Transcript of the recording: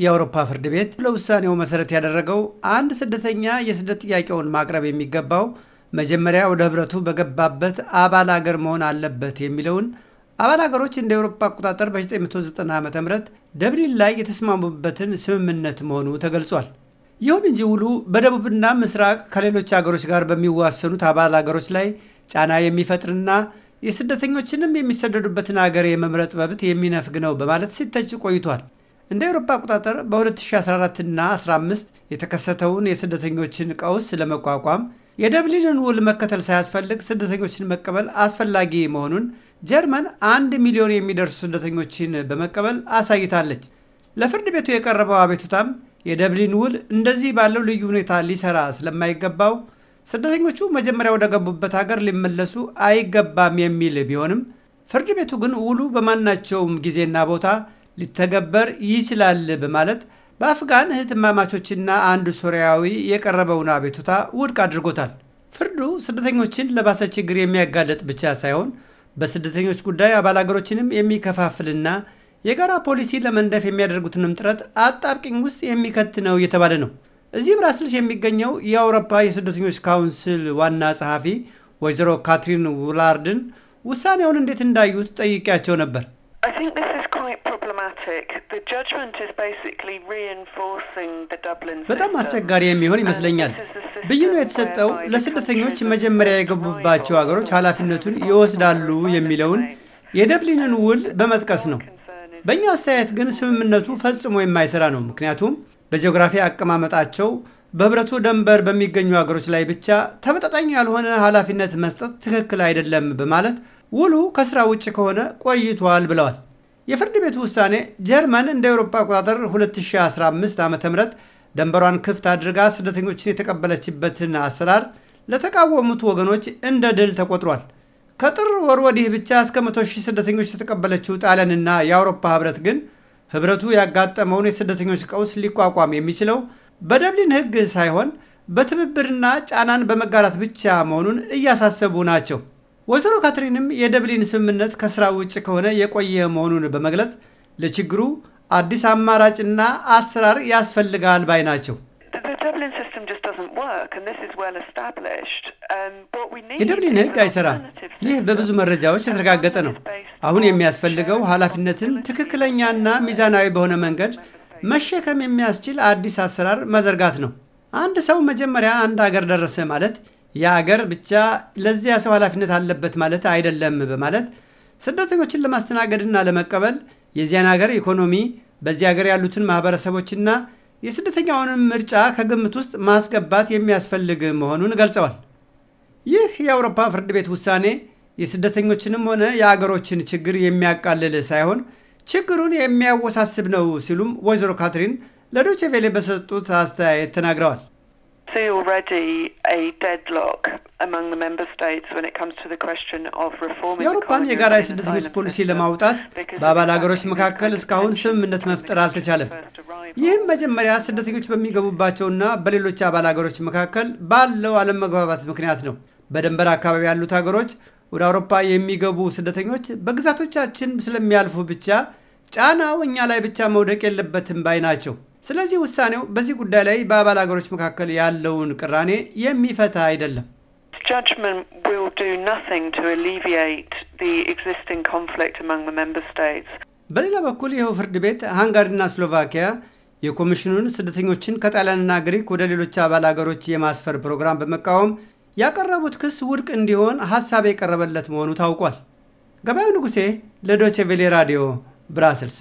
የአውሮፓ ፍርድ ቤት ለውሳኔው መሰረት ያደረገው አንድ ስደተኛ የስደት ጥያቄውን ማቅረብ የሚገባው መጀመሪያ ወደ ህብረቱ በገባበት አባል አገር መሆን አለበት የሚለውን አባል አገሮች እንደ አውሮፓ አቆጣጠር በ1990 ዓ ም ደብሊን ላይ የተስማሙበትን ስምምነት መሆኑ ተገልጿል። ይሁን እንጂ ውሉ በደቡብና ምስራቅ ከሌሎች አገሮች ጋር በሚዋሰኑት አባል አገሮች ላይ ጫና የሚፈጥርና የስደተኞችንም የሚሰደዱበትን አገር የመምረጥ መብት የሚነፍግ ነው በማለት ሲተች ቆይቷል። እንደ አውሮፓ አቆጣጠር በ2014 እና 15 የተከሰተውን የስደተኞችን ቀውስ ለመቋቋም የደብሊንን ውል መከተል ሳያስፈልግ ስደተኞችን መቀበል አስፈላጊ መሆኑን ጀርመን አንድ ሚሊዮን የሚደርሱ ስደተኞችን በመቀበል አሳይታለች። ለፍርድ ቤቱ የቀረበው አቤቱታም የደብሊን ውል እንደዚህ ባለው ልዩ ሁኔታ ሊሰራ ስለማይገባው ስደተኞቹ መጀመሪያ ወደ ገቡበት ሀገር ሊመለሱ አይገባም የሚል ቢሆንም ፍርድ ቤቱ ግን ውሉ በማናቸውም ጊዜና ቦታ ሊተገበር ይችላል በማለት በአፍጋን እህትማማቾችና አንድ ሶሪያዊ የቀረበውን አቤቱታ ውድቅ አድርጎታል። ፍርዱ ስደተኞችን ለባሰ ችግር የሚያጋለጥ ብቻ ሳይሆን በስደተኞች ጉዳይ አባል አገሮችንም የሚከፋፍልና የጋራ ፖሊሲ ለመንደፍ የሚያደርጉትንም ጥረት አጣብቂኝ ውስጥ የሚከት ነው እየተባለ ነው። እዚህ ብራስልስ የሚገኘው የአውሮፓ የስደተኞች ካውንስል ዋና ጸሐፊ ወይዘሮ ካትሪን ውላርድን ውሳኔውን እንዴት እንዳዩት ጠይቄያቸው ነበር። problematic. The judgment is basically reinforcing the Dublin በጣም አስቸጋሪ የሚሆን ይመስለኛል። ብይኑ የተሰጠው ለስደተኞች መጀመሪያ የገቡባቸው ሀገሮች ኃላፊነቱን ይወስዳሉ የሚለውን የደብሊንን ውል በመጥቀስ ነው። በእኛ አስተያየት ግን ስምምነቱ ፈጽሞ የማይሰራ ነው። ምክንያቱም በጂኦግራፊ አቀማመጣቸው በህብረቱ ደንበር በሚገኙ ሀገሮች ላይ ብቻ ተመጣጣኝ ያልሆነ ኃላፊነት መስጠት ትክክል አይደለም በማለት ውሉ ከስራ ውጭ ከሆነ ቆይቷል ብለዋል። የፍርድ ቤቱ ውሳኔ ጀርመን እንደ አውሮፓ አቆጣጠር 2015 ዓ ም ደንበሯን ክፍት አድርጋ ስደተኞችን የተቀበለችበትን አሰራር ለተቃወሙት ወገኖች እንደ ድል ተቆጥሯል። ከጥር ወር ወዲህ ብቻ እስከ 100 ሺህ ስደተኞች የተቀበለችው ጣሊያንና የአውሮፓ ህብረት ግን ህብረቱ ያጋጠመውን የስደተኞች ቀውስ ሊቋቋም የሚችለው በደብሊን ህግ ሳይሆን በትብብርና ጫናን በመጋራት ብቻ መሆኑን እያሳሰቡ ናቸው። ወይዘሮ ካትሪንም የደብሊን ስምምነት ከስራ ውጭ ከሆነ የቆየ መሆኑን በመግለጽ ለችግሩ አዲስ አማራጭና አሰራር ያስፈልጋል ባይ ናቸው። um, የደብሊን ሕግ አይሰራም። ይህ በብዙ መረጃዎች የተረጋገጠ ነው። አሁን የሚያስፈልገው ኃላፊነትን ትክክለኛና ሚዛናዊ በሆነ መንገድ መሸከም የሚያስችል አዲስ አሰራር መዘርጋት ነው። አንድ ሰው መጀመሪያ አንድ አገር ደረሰ ማለት የሀገር ብቻ ለዚያ ሰው ኃላፊነት አለበት ማለት አይደለም በማለት ስደተኞችን ለማስተናገድና ለመቀበል የዚያን ሀገር ኢኮኖሚ፣ በዚህ ሀገር ያሉትን ማህበረሰቦችና የስደተኛውንም ምርጫ ከግምት ውስጥ ማስገባት የሚያስፈልግ መሆኑን ገልጸዋል። ይህ የአውሮፓ ፍርድ ቤት ውሳኔ የስደተኞችንም ሆነ የአገሮችን ችግር የሚያቃልል ሳይሆን ችግሩን የሚያወሳስብ ነው ሲሉም ወይዘሮ ካትሪን ለዶቼ ቬሌ በሰጡት አስተያየት ተናግረዋል። see already a deadlock among the member states when it comes to the question of reforming የአውሮፓን የጋራ የስደተኞች ፖሊሲ ለማውጣት በአባል ሀገሮች መካከል እስካሁን ስምምነት መፍጠር አልተቻለም። ይህም መጀመሪያ ስደተኞች በሚገቡባቸውና በሌሎች አባል ሀገሮች መካከል ባለው አለመግባባት ምክንያት ነው። በድንበር አካባቢ ያሉት ሀገሮች ወደ አውሮፓ የሚገቡ ስደተኞች በግዛቶቻችን ስለሚያልፉ ብቻ ጫናው እኛ ላይ ብቻ መውደቅ የለበትም ባይ ናቸው። ስለዚህ ውሳኔው በዚህ ጉዳይ ላይ በአባል አገሮች መካከል ያለውን ቅራኔ የሚፈታ አይደለም። በሌላ በኩል ይኸው ፍርድ ቤት ሃንጋሪና ስሎቫኪያ የኮሚሽኑን ስደተኞችን ከጣሊያንና ግሪክ ወደ ሌሎች አባል አገሮች የማስፈር ፕሮግራም በመቃወም ያቀረቡት ክስ ውድቅ እንዲሆን ሀሳብ የቀረበለት መሆኑ ታውቋል። ገበያው ንጉሴ ለዶቼ ቬሌ ራዲዮ ብራስልስ